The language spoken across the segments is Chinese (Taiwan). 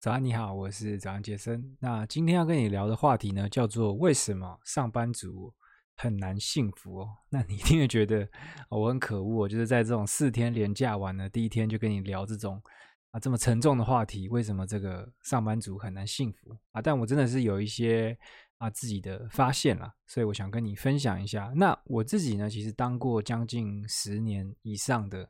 早安你好，我是早安杰森。那今天要跟你聊的話題呢，叫做為什麼上班族很難幸福哦？那你一定會覺得我哦，很可惡哦，就是在這種四天連假完了第一天就跟你聊這種啊這麼沉重的話題，為什麼這個上班族很難幸福啊？但我真的是有一些啊自己的發現啦，所以我想跟你分享一下。那我自己呢，其實當過將近十年以上的。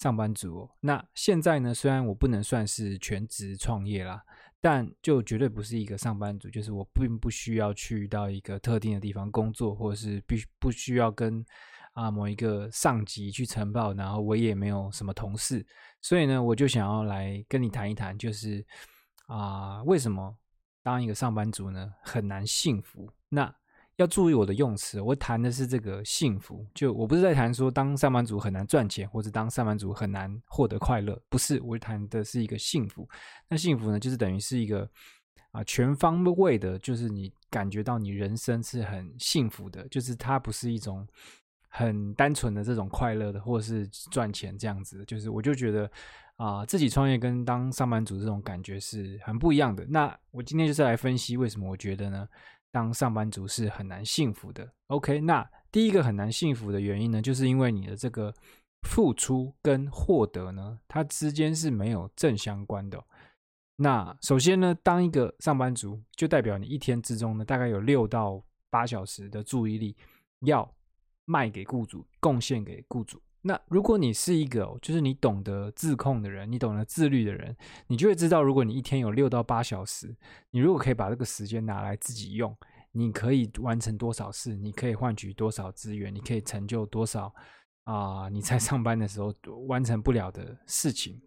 上班族、哦，那現在呢，雖然我不能算是全職創業啦，但就絕對不是一個上班族。就是我並不需要去到一個特定的地方工作，或者是必不需要跟啊某一個上級去呈報，然後我也沒有什麼同事。所以呢，我就想要來跟你談一談，就是啊、呃，為什麼當一個上班族呢，很難幸福？那要注意我的用詞，我談的是這個幸福，就我不是在談說當上班族很難賺錢，或者當上班族很難獲得快樂，不是，我談的是一個幸福。那幸福呢，就是等於是一個啊全方位的，就是你感覺到你人生是很幸福的，就是它不是一種很單純的這種快樂的，或是賺錢這樣子，就是我就覺得。啊、呃，自己創業跟當上班族這種感覺是很不一樣的。那我今天就是來分析為什麼我覺得呢，當上班族是很難幸福的。OK，那第一個很難幸福的原因呢，就是因為你的這個付出跟獲得呢，它之間是沒有正相關的哦。那首先呢，當一個上班族，就代表你一天之中呢，大概有六到八小時的注意力要賣給雇主，貢獻給雇主。那如果你是一個就是你懂得自控的人，你懂得自律的人，你就會知道，如果你一天有六到八小時，你如果可以把這個時間拿來自己用，你可以完成多少事，你可以換取多少資源，你可以成就多少啊、呃、你在上班的時候完成不了的事情。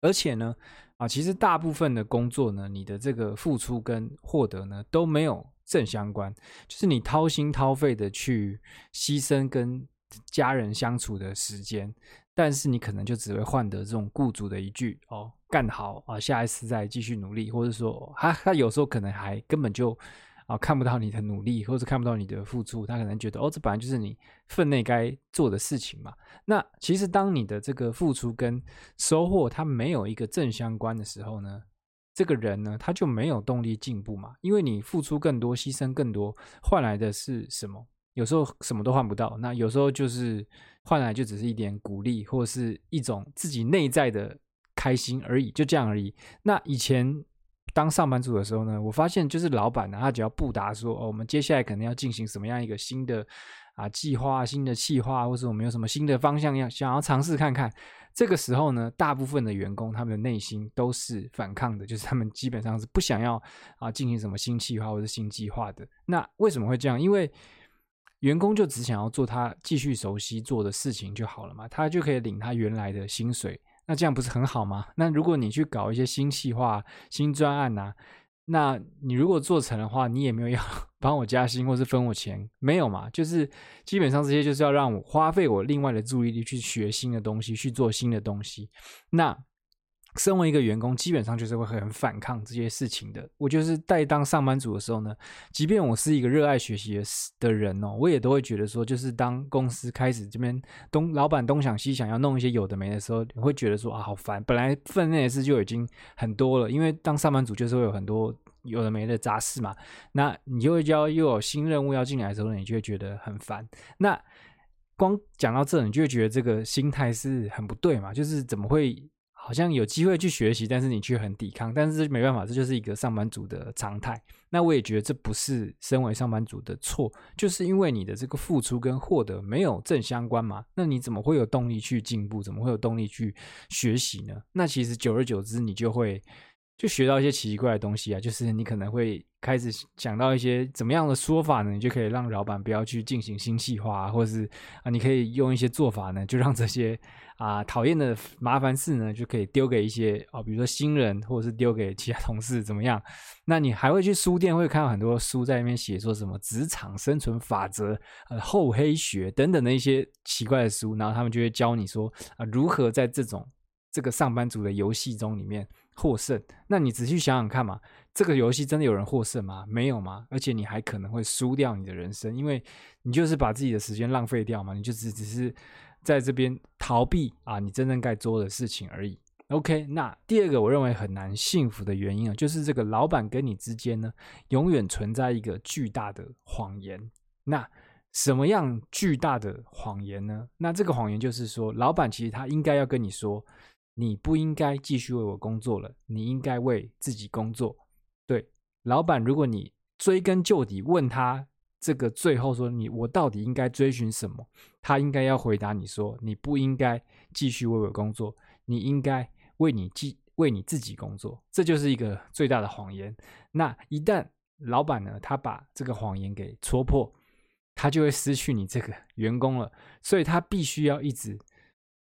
而且呢，啊、呃，其實大部分的工作呢，你的這個付出跟獲得呢都沒有正相關，就是你掏心掏肺的去犧牲跟家人相處的時間，但是你可能就只會換得這種雇主的一句“哦，幹好啊、哦，下一次再繼續努力”，或者說“哈、哦，他有時候可能還根本就啊、哦、看不到你的努力，或者看不到你的付出，他可能覺得哦，這本來就是你分內該做的事情嘛。那其實當你的這個付出跟收穫它沒有一個正相關的時候呢，這個人呢他就沒有動力進步嘛，因為你付出更多，犧牲更多，換來的是什麼？有時候什麼都換不到，那有時候就是換來就只是一點鼓勵，或者是一種自己內在的開心而已，就這樣而已。那以前當上班族的時候呢，我發現就是老板呢，他只要不答說，哦，我們接下來可能要進行什麼樣一個新的啊計劃、新的企劃，或者我們有什麼新的方向要想要嘗試看看。這個時候呢，大部分的員工他們的內心都是反抗的，就是他們基本上是不想要啊進行什麼新企劃或者新計劃的。那為什麼會這樣？因為員工就只想要做他繼續熟悉做的事情就好了嘛，他就可以領他原來的薪水，那這樣不是很好嗎？那如果你去搞一些新企劃，新專案吶、啊，那你如果做成的話，你也沒有要幫我加薪或是分我錢，沒有嘛，就是基本上這些就是要讓我花費我另外的注意力去學新的東西，去做新的東西，那身為一個員工，基本上就是會很反抗這些事情的。我就是在當上班族的時候呢，即便我是一個熱愛學習的的人哦、喔，我也都會覺得說，就是當公司開始這邊東老闆東想西想，要弄一些有的沒的時候，你會覺得說啊，好煩！本來分內的事就已經很多了，因為當上班族就是會有很多有的沒的雜事嘛。那你又要又有新任務要進來的時候呢，你就會覺得很煩。那光講到這，你就會覺得這個心態是很不對嘛？就是怎麼會？好像有機會去學習，但是你卻很抵抗，但是沒辦法，這就是一個上班族的常態。那我也覺得這不是身為上班族的錯，就是因為你的這個付出跟獲得沒有正相關嘛，那你怎麼會有動力去進步？怎麼會有動力去學習呢？那其實久而久之，你就會，就學到一些奇怪的東西啊，就是你可能會開始想到一些怎麼樣的說法呢？你就可以讓老闆不要去進行新企劃，或者是啊，你可以用一些做法呢，就讓這些啊討厭的麻煩事呢，就可以丟給一些啊、哦，比如說新人，或者是丟給其他同事怎麼樣？那你還會去書店，會看到很多書在那邊寫說什麼職場生存法則、呃、厚黑學等等的一些奇怪的書，然後他們就會教你說啊，如何在這種這個上班族的遊戲中裡面。獲勝，那你仔細想想看嘛，這個遊戲真的有人獲勝嗎？沒有嗎？而且你還可能會輸掉你的人生，因為你就是把自己的時間浪費掉嘛，你就只只是在這邊逃避啊，你真正該做的事情而已。OK，那第二個我認為很難幸福的原因啊，就是這個老闆跟你之間呢，永遠存在一個巨大的謊言。那什麼樣巨大的謊言呢？那這個謊言就是說，老闆其實他應該要跟你說，你不應該繼續為我工作了，你應該為自己工作。對，老闆，如果你追根究底問他這個最後說你我到底應該追尋什麼，他應該要回答你說，你不應該繼續為我工作，你應該為你自為你自己工作。這就是一個最大的謊言。那一旦老闆呢，他把這個謊言給戳破，他就會失去你這個員工了，所以他必須要一直。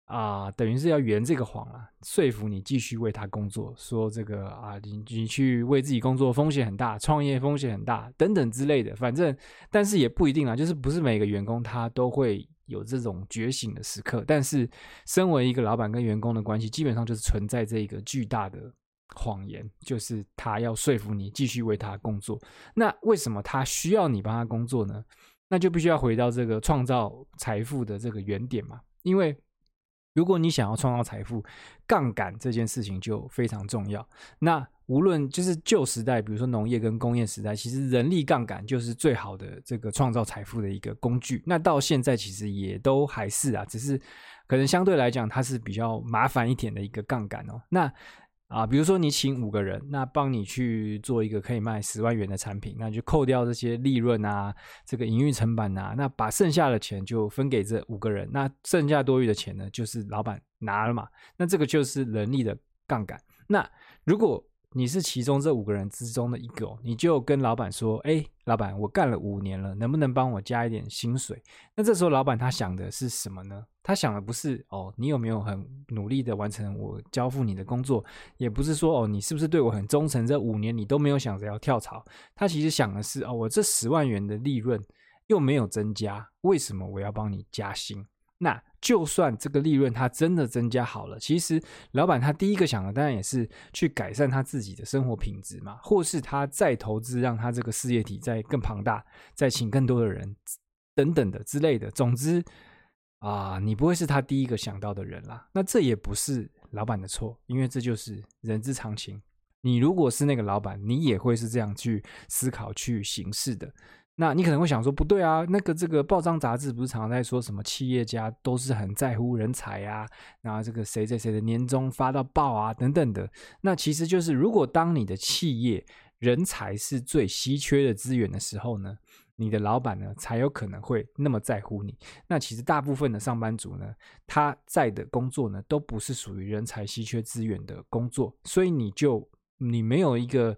啊、呃，等於是要圓這個謊了，啊，說服你繼續為他工作。說這個啊，你你去為自己工作風險很大，創業風險很大等等之類的。反正，但是也不一定啊，就是不是每個員工他都會有這種覺醒的時刻。但是，身為一個老闆跟員工的關係，基本上就是存在這一個巨大的謊言，就是他要說服你繼續為他工作。那為什麼他需要你幫他工作呢？那就必須要回到這個創造財富的這個原點嘛，因為。如果你想要創造財富，槓桿這件事情就非常重要。那無論就是舊時代，比如說農業跟工業時代，其實人力槓桿就是最好的這個創造財富的一個工具。那到現在其實也都還是啊，只是可能相對來講它是比較麻煩一點的一個槓桿喔。那啊，比如說你請五個人，那幫你去做一個可以賣十萬元的產品，那就扣掉這些利潤啊，這個營運成本啊，那把剩下的錢就分給這五個人，那剩下多餘的錢呢，就是老闆拿了嘛，那這個就是人力的槓桿。那如果你是其中這五個人之中的一個哦，你就跟老闆說，哎，老闆，我幹了五年了，能不能幫我加一點薪水？那這時候老闆他想的是什麼呢？他想的不是哦，你有沒有很努力的完成我交付你的工作，也不是說哦，你是不是對我很忠誠？這五年你都沒有想着要跳槽。他其實想的是哦，我這十萬元的利潤又沒有增加，為什麼我要幫你加薪？那。就算這個利潤它真的增加好了，其實老板他第一個想的當然也是去改善他自己的生活品質嘛，或是他再投資讓他這個事業體再更龐大，再請更多的人等等的之類的。總之啊、呃，你不會是他第一個想到的人啦。那這也不是老板的錯，因為這就是人之常情。你如果是那個老板，你也會是這樣去思考、去行事的。那你可能會想說，不對啊，那個這個報章雜誌不是常常在說什麼企業家都是很在乎人才呀、啊，然後這個誰誰誰的年終發到爆啊等等的。那其實就是，如果當你的企業人才是最稀缺的資源的時候呢，你的老闆呢才有可能會那麼在乎你。那其實大部分的上班族呢，他在的工作呢都不是屬於人才稀缺資源的工作，所以你就你沒有一個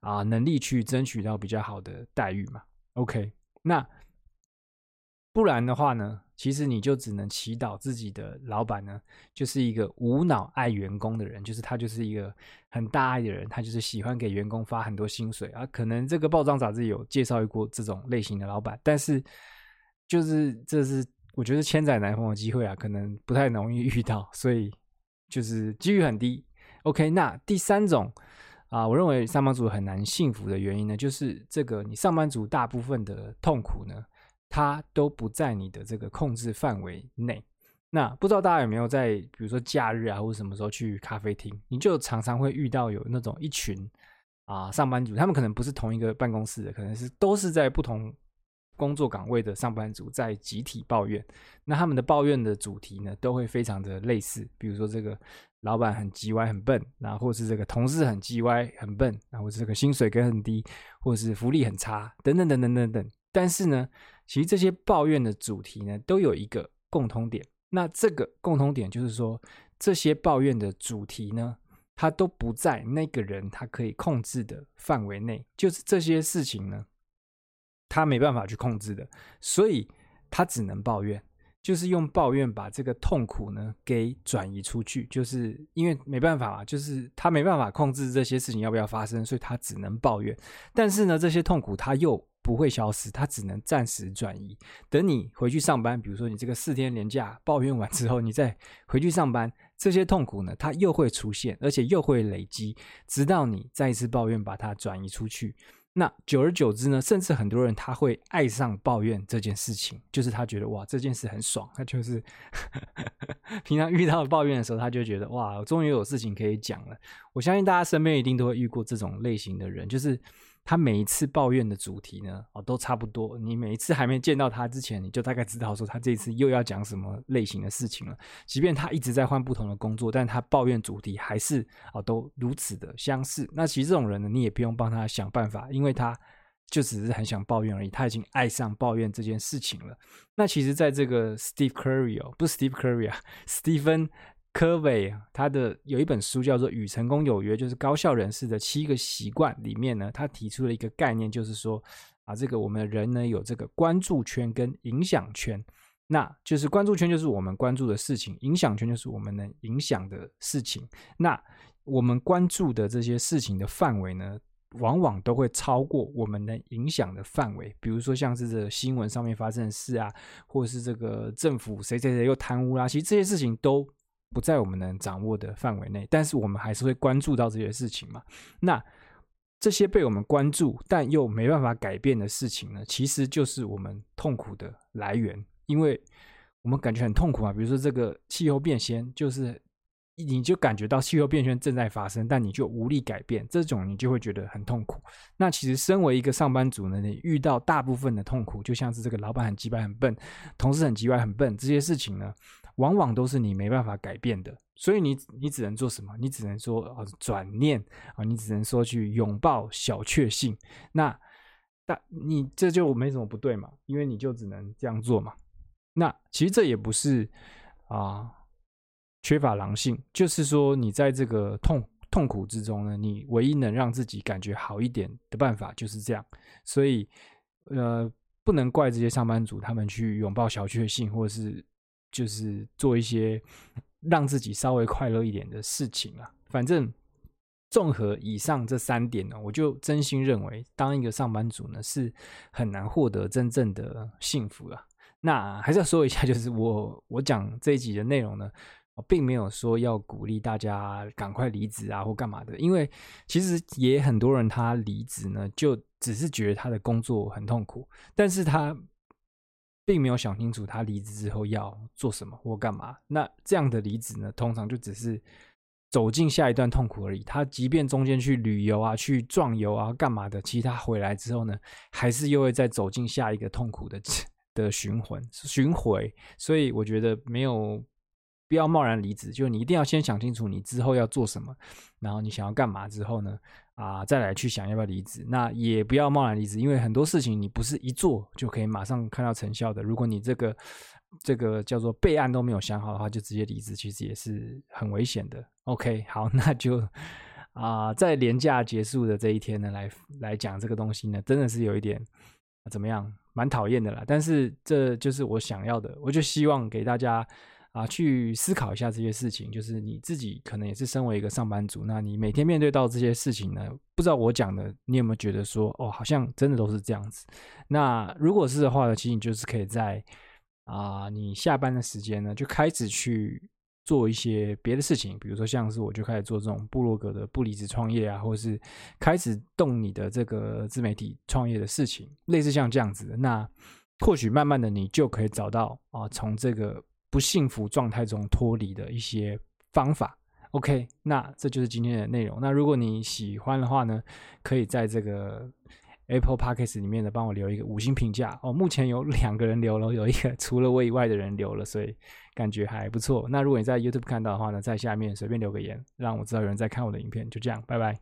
啊、呃、能力去爭取到比較好的待遇嘛。OK，那不然的話呢，其實你就只能祈禱自己的老闆呢，就是一個無腦愛員工的人，就是他就是一個很大愛的人，他就是喜歡給員工發很多薪水啊。可能這個報章雜誌有介紹過這種類型的老闆，但是就是這是我覺得千載難逢的機會啊，可能不太容易遇到，所以就是機率很低。OK，那第三種。啊，我認為上班族很難幸福的原因呢，就是這個你上班族大部分的痛苦呢，它都不在你的這個控制範圍內。那不知道大家有沒有在，比如說假日啊，或者什麼時候去咖啡廳，你就常常會遇到有那種一群啊上班族，他們可能不是同一個辦公室的，可能是都是在不同。工作崗位的上班族在集體抱怨，那他們的抱怨的主題呢，都會非常的類似，比如說這個老板很雞歪很笨，然後或者是這個同事很雞歪很笨，然後這個薪水給很低，或者是福利很差，等等等等等等。但是呢，其實這些抱怨的主題呢，都有一個共通點，那這個共通點就是說，這些抱怨的主題呢，它都不在那個人他可以控制的範圍內，就是這些事情呢。他沒辦法去控制的，所以他只能抱怨，就是用抱怨把這個痛苦呢給轉移出去。就是因為沒辦法嘛，就是他沒辦法控制這些事情要不要發生，所以他只能抱怨。但是呢，這些痛苦他又不會消失，他只能暫時轉移。等你回去上班，比如說你這個四天連假抱怨完之後，你再回去上班，這些痛苦呢，他又會出現，而且又會累積，直到你再一次抱怨把它轉移出去。那久而久之呢，甚至很多人他會愛上抱怨這件事情，就是他覺得哇這件事很爽，他就是 平常遇到抱怨的時候，他就覺得哇終於有事情可以講了。我相信大家身邊一定都會遇過這種類型的人，就是。他每一次抱怨的主題呢，哦，都差不多。你每一次還沒見到他之前，你就大概知道說他這次又要講什麼類型的事情了。即便他一直在換不同的工作，但他抱怨主題還是，哦，都如此的相似。那其實這種人呢，你也不用幫他想辦法，因為他就只是很想抱怨而已。他已經愛上抱怨這件事情了。那其實，在這個 Stephen Curry 哦，不是 Stephen Curry 啊，史蒂芬。科偉他的有一本書叫做《與成功有約》，就是高效人士的七個習慣裡面呢，他提出了一個概念，就是說啊，這個我們人呢有這個關注圈跟影響圈，那就是關注圈就是我們關注的事情，影響圈就是我們能影響的事情。那我們關注的這些事情的範圍呢，往往都會超過我們能影響的範圍。比如說像是這個新聞上面發生的事啊，或是這個政府誰誰誰又貪污啦、啊，其實這些事情都。不在我們能掌握的範圍內，但是我們還是會關注到這些事情嘛。那這些被我們關注但又沒辦法改變的事情呢，其實就是我們痛苦的來源，因為我們感覺很痛苦嘛。比如說這個氣候變遷，就是你就感覺到氣候變遷正在發生，但你就無力改變，這種你就會覺得很痛苦。那其實身為一個上班族呢，你遇到大部分的痛苦，就像是這個老闆很雞歪很笨，同事很雞歪很笨，這些事情呢，往往都是你沒辦法改變的，所以你你只能做什麼？你只能說、哦、轉念啊、哦，你只能說去擁抱小確幸。那但你這就沒什麼不對嘛，因為你就只能這樣做嘛。那其實這也不是啊、呃、缺乏狼性，就是說你在這個痛痛苦之中呢，你唯一能讓自己感覺好一點的辦法就是這樣。所以呃，不能怪這些上班族他們去擁抱小確幸，或者是。就是做一些讓自己稍微快樂一點的事情啊。反正綜合以上這三點呢，我就真心認為，當一個上班族呢是很難獲得真正的幸福啊。那還是要說一下，就是我我講這一集的內容呢，並沒有說要鼓勵大家趕快離職啊或幹嘛的，因為其實也很多人他離職呢，就只是覺得他的工作很痛苦，但是他。並沒有想清楚他離職之後要做什麼或幹嘛，那這樣的離職呢，通常就只是走進下一段痛苦而已。他即便中間去旅遊啊、去壯遊啊、幹嘛的，其實他回來之後呢，還是又會再走進下一個痛苦的的循環、循環。所以我覺得沒有。不要貿然離職，就是你一定要先想清楚你之後要做什麼，然後你想要幹嘛之後呢，啊、呃，再來去想要不要離職。那也不要貿然離職，因為很多事情你不是一做就可以馬上看到成效的。如果你這個這個叫做備案都沒有想好的話，就直接離職，其實也是很危險的。OK，好，那就啊、呃，在連假結束的這一天呢，來來講這個東西呢，真的是有一點、呃、怎麼樣，蠻討厭的啦。但是這就是我想要的，我就希望給大家。啊，去思考一下這些事情，就是你自己可能也是身為一個上班族，那你每天面對到這些事情呢？不知道我講的，你有沒有覺得說，哦，好像真的都是這樣子？那如果是的話呢，其實你就是可以在啊、呃，你下班的時間呢，就開始去做一些別的事情，比如說像是我就開始做這種部落格的不離職創業啊，或者是開始動你的這個自媒體創業的事情，類似像這樣子的，那或許慢慢的你就可以找到啊、呃，從這個。不幸福狀態中脫離的一些方法。OK，那這就是今天的內容。那如果你喜歡的話呢，可以在這個 Apple Podcasts 裡面的幫我留一個五星評價哦。目前有兩個人留了，有一個除了我以外的人留了，所以感覺還不錯。那如果你在 YouTube 看到的話呢，在下面隨便留個言，讓我知道有人在看我的影片。就這樣，拜拜。